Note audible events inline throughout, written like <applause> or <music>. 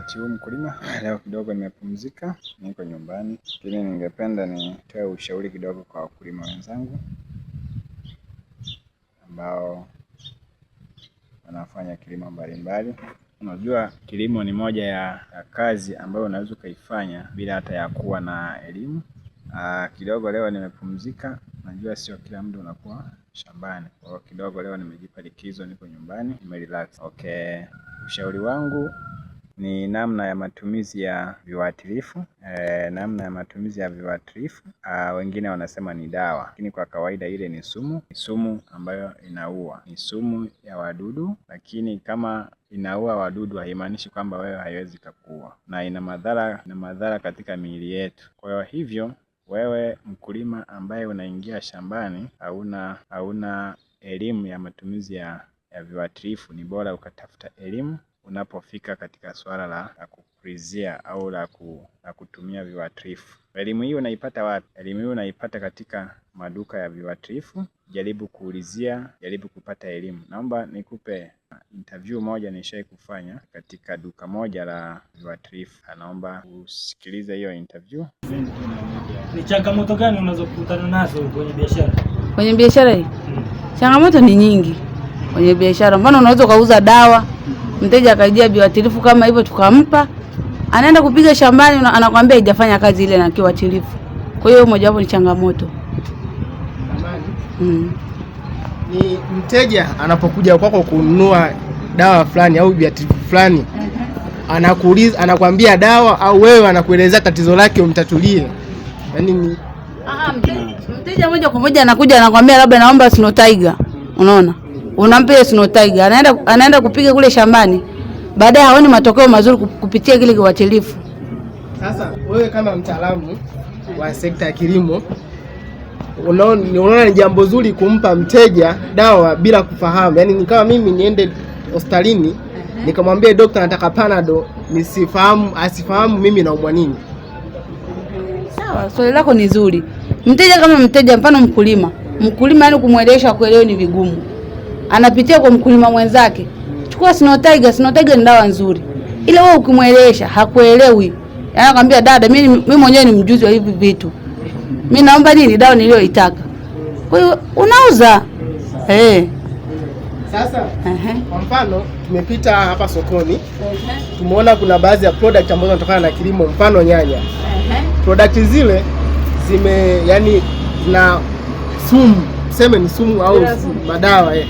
wakati huu mkulima, <laughs> leo kidogo nimepumzika, niko nyumbani, lakini ningependa nitoe ushauri kidogo kwa wakulima wenzangu ambao wanafanya kilimo mbalimbali. Unajua, kilimo ni moja ya, ya kazi ambayo unaweza ukaifanya bila hata ya kuwa na elimu. Aa, ah, kidogo leo nimepumzika, najua sio kila mtu unakuwa shambani. Kwa hiyo kidogo leo nimejipa likizo, niko nyumbani, nimerelax. Okay, ushauri wangu ni namna ya matumizi ya viuatilifu e, namna ya matumizi ya viuatilifu a, ah, wengine wanasema ni dawa, lakini kwa kawaida ile ni sumu. Ni sumu ambayo inaua, ni sumu ya wadudu, lakini kama inaua wadudu haimaanishi kwamba wewe haiwezi kakuua, na ina madhara, ina madhara katika miili yetu. Kwa hivyo wewe mkulima ambaye unaingia shambani hauna hauna elimu ya matumizi ya ya viuatilifu, ni bora ukatafuta elimu unapofika katika swala la, la kuprizia au la, ku, la kutumia viuatilifu. Elimu hii unaipata wapi? Elimu hii unaipata katika maduka ya viuatilifu. Jaribu kuulizia, jaribu kupata elimu. Naomba nikupe interview moja nishai kufanya katika duka moja la viuatilifu. Naomba usikilize hiyo interview. Ni changamoto gani unazokutana nazo kwenye biashara? Kwenye biashara hii, hmm, changamoto ni nyingi kwenye biashara. Mbona unaweza ukauza dawa Mteja akaijia viuatilifu kama hivyo, tukampa, anaenda kupiga shambani, anakwambia haijafanya kazi ile na kiwatilifu. Kwa hiyo mojawapo ni changamoto mm. Ni mteja anapokuja kwako kununua dawa fulani au viuatilifu fulani mhm. anakuuliza anakwambia dawa au wewe anakuelezea tatizo lake umtatulie. Yani ni mteja moja kwa moja anakuja anakwambia labda naomba Snow Tiger. Unaona? unampia Snow Tiger anaenda, anaenda kupiga kule shambani, baadaye haoni matokeo mazuri kupitia kile kiuatilifu. Sasa wewe kama mtaalamu wa sekta ya kilimo unaona ni jambo zuri kumpa mteja dawa bila kufahamu? Yaani kama mimi niende hospitalini nikamwambia daktari, nataka panado, nisifahamu asifahamu mimi naumwa nini. Sawa, swali lako ni zuri. Mteja kama mteja, mfano mkulima, mkulima yani kumwelewesha kuelewa ni vigumu anapitia kwa mkulima mwenzake, chukua Snow Tiger. Snow Tiger ni dawa nzuri, ile wewe ukimwelewesha hakuelewi. Anakwambia yaani dada, mimi mimi mwenyewe ni mjuzi wa hivi vitu, mimi naomba nini, dawa niliyoitaka. Kwa hiyo unauza eh. Sasa kwa mfano tumepita hapa sokoni, tumeona kuna baadhi ya product ambazo zinatokana na kilimo, mfano nyanya. Product zile zime yani na sumu tuseme ni sumu au madawa eh,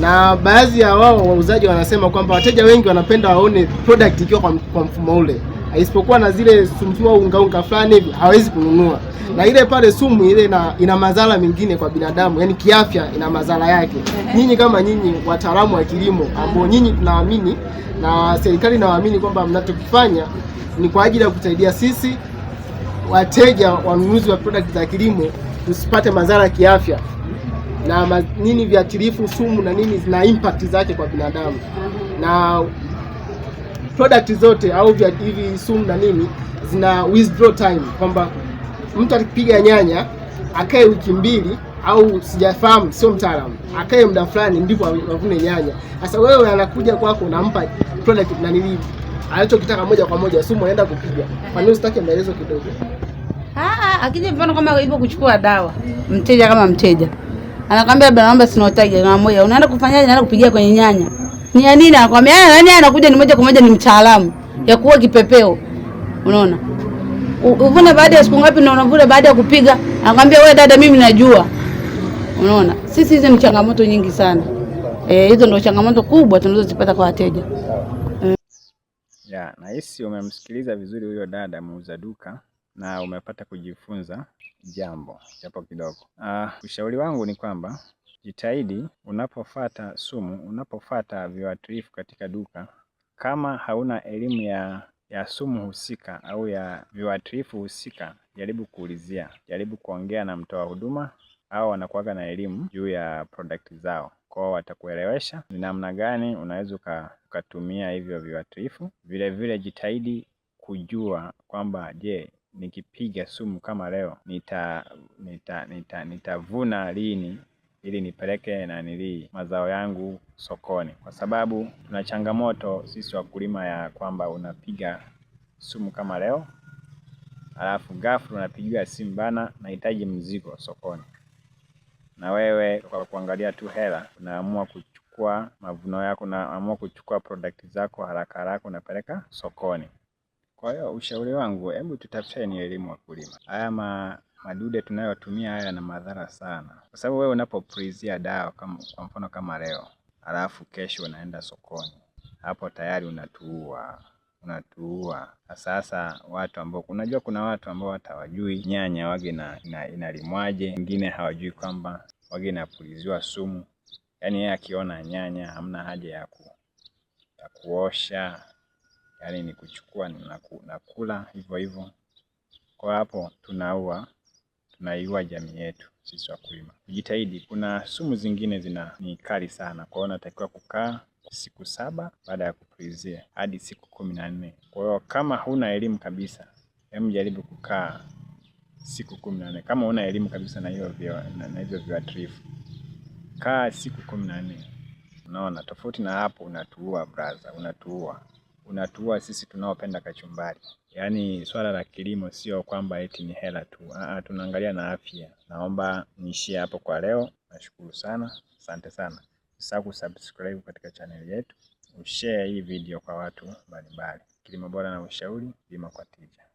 Na baadhi ya wao wauzaji wanasema kwamba wateja wengi wanapenda waone product ikiwa kwa, kwa mfumo ule isipokuwa na zile sumu au unga unga fulani hivi hawezi kununua na ile pale sumu ile ina, ina madhara mengine kwa binadamu, yani kiafya ina madhara yake. Nyinyi kama nyinyi wataalamu wa kilimo ambao nyinyi tunaamini na serikali inawaamini kwamba mnachokifanya ni kwa ajili ya kutusaidia sisi wateja wanunuzi wa product za kilimo tusipate madhara ya kiafya na nini viatilifu sumu na nini zina impact zake kwa binadamu mhm. na product zote au hivi sumu na nini zina withdraw time, kwamba mtu akipiga nyanya akae wiki mbili au sijafahamu, sio mtaalamu, akae muda fulani ndipo avune nyanya. Sasa wewe anakuja kwako, unampa product na nini alichokitaka moja kwa moja, sumu anaenda kupiga. Kwa nini usitake maelezo kidogo? Ah, ah akija mfano kama hivyo kuchukua dawa, mteja kama mteja anakwambia bwana, naomba sina utaji na moja, unaenda kufanyaje? Naenda kupigia kwenye nyanya ni ya nini? Anakwambia haya, ah, nani anakuja, ni moja kwa moja, ni mtaalamu ya kuwa kipepeo. Unaona, uvune baada ya siku ngapi? Na unavuna baada ya kupiga, anakwambia wewe dada, mimi najua. Unaona, sisi hizi ni changamoto nyingi sana eh, hizo ndio changamoto kubwa tunazozipata kwa wateja Ya, Yeah, nahisi umemsikiliza vizuri huyo dada muuza duka na umepata kujifunza jambo japo kidogo. Ah, ushauri wangu ni kwamba jitahidi unapofata sumu, unapofata viuatilifu katika duka, kama hauna elimu ya ya sumu husika au ya viuatilifu husika, jaribu kuulizia, jaribu kuongea na mtoa huduma au wanakuwaga na elimu juu ya product zao, kwao watakuelewesha ni namna gani unaweza ukatumia hivyo viuatilifu. Vilevile jitahidi kujua kwamba je, nikipiga sumu kama leo nita nita nita nitavuna lini ili nipeleke na mazao yangu sokoni, kwa sababu tuna changamoto sisi wakulima ya kwamba unapiga sumu kama leo, alafu ghafla unapigiwa simu bana, nahitaji mzigo sokoni, na wewe kwa kuangalia tu hela unaamua kuchukua mavuno yako, unaamua kuchukua product zako haraka haraka unapeleka sokoni. Kwa hiyo ushauri wangu, hebu tutafuteni elimu wakulima. Haya ma madude tunayotumia haya yana madhara sana, kwa sababu wewe unapopulizia dawa kama kwa mfano kama leo, alafu kesho unaenda sokoni, hapo tayari unatuua unatuua. Sasa watu ambao unajua, kuna watu ambao watawajui nyanya wage na inalimwaje, wengine hawajui kwamba wage inapuliziwa sumu. Yaani yeye akiona nyanya hamna haja ya ku, ya kuosha yaani ni kuchukua na kula hivyo hivyo. Kwa hapo tunaua tunaiua jamii yetu sisi wakulima. Jitahidi, kuna sumu zingine zina ni kali sana, kwa hiyo unatakiwa kukaa siku saba baada ya kupulizia hadi siku kumi na nne. Kwa hiyo kama huna elimu kabisa, hebu jaribu kukaa siku kumi na nne kama huna elimu kabisa na hiyo na hivyo viuatilifu, kaa siku kumi na nne. Unaona, tofauti na hapo unatuua braza, unatuua unatua sisi tunaopenda kachumbari. Yaani swala la kilimo sio kwamba eti ni hela tu. Aa, ah, ah, tunaangalia na afya. Naomba niishie hapo kwa leo. Nashukuru sana, asante sana. Usisahau kusubscribe katika chaneli yetu, ushare hii video kwa watu mbalimbali. Kilimo bora na ushauri, kilimo kwa tija.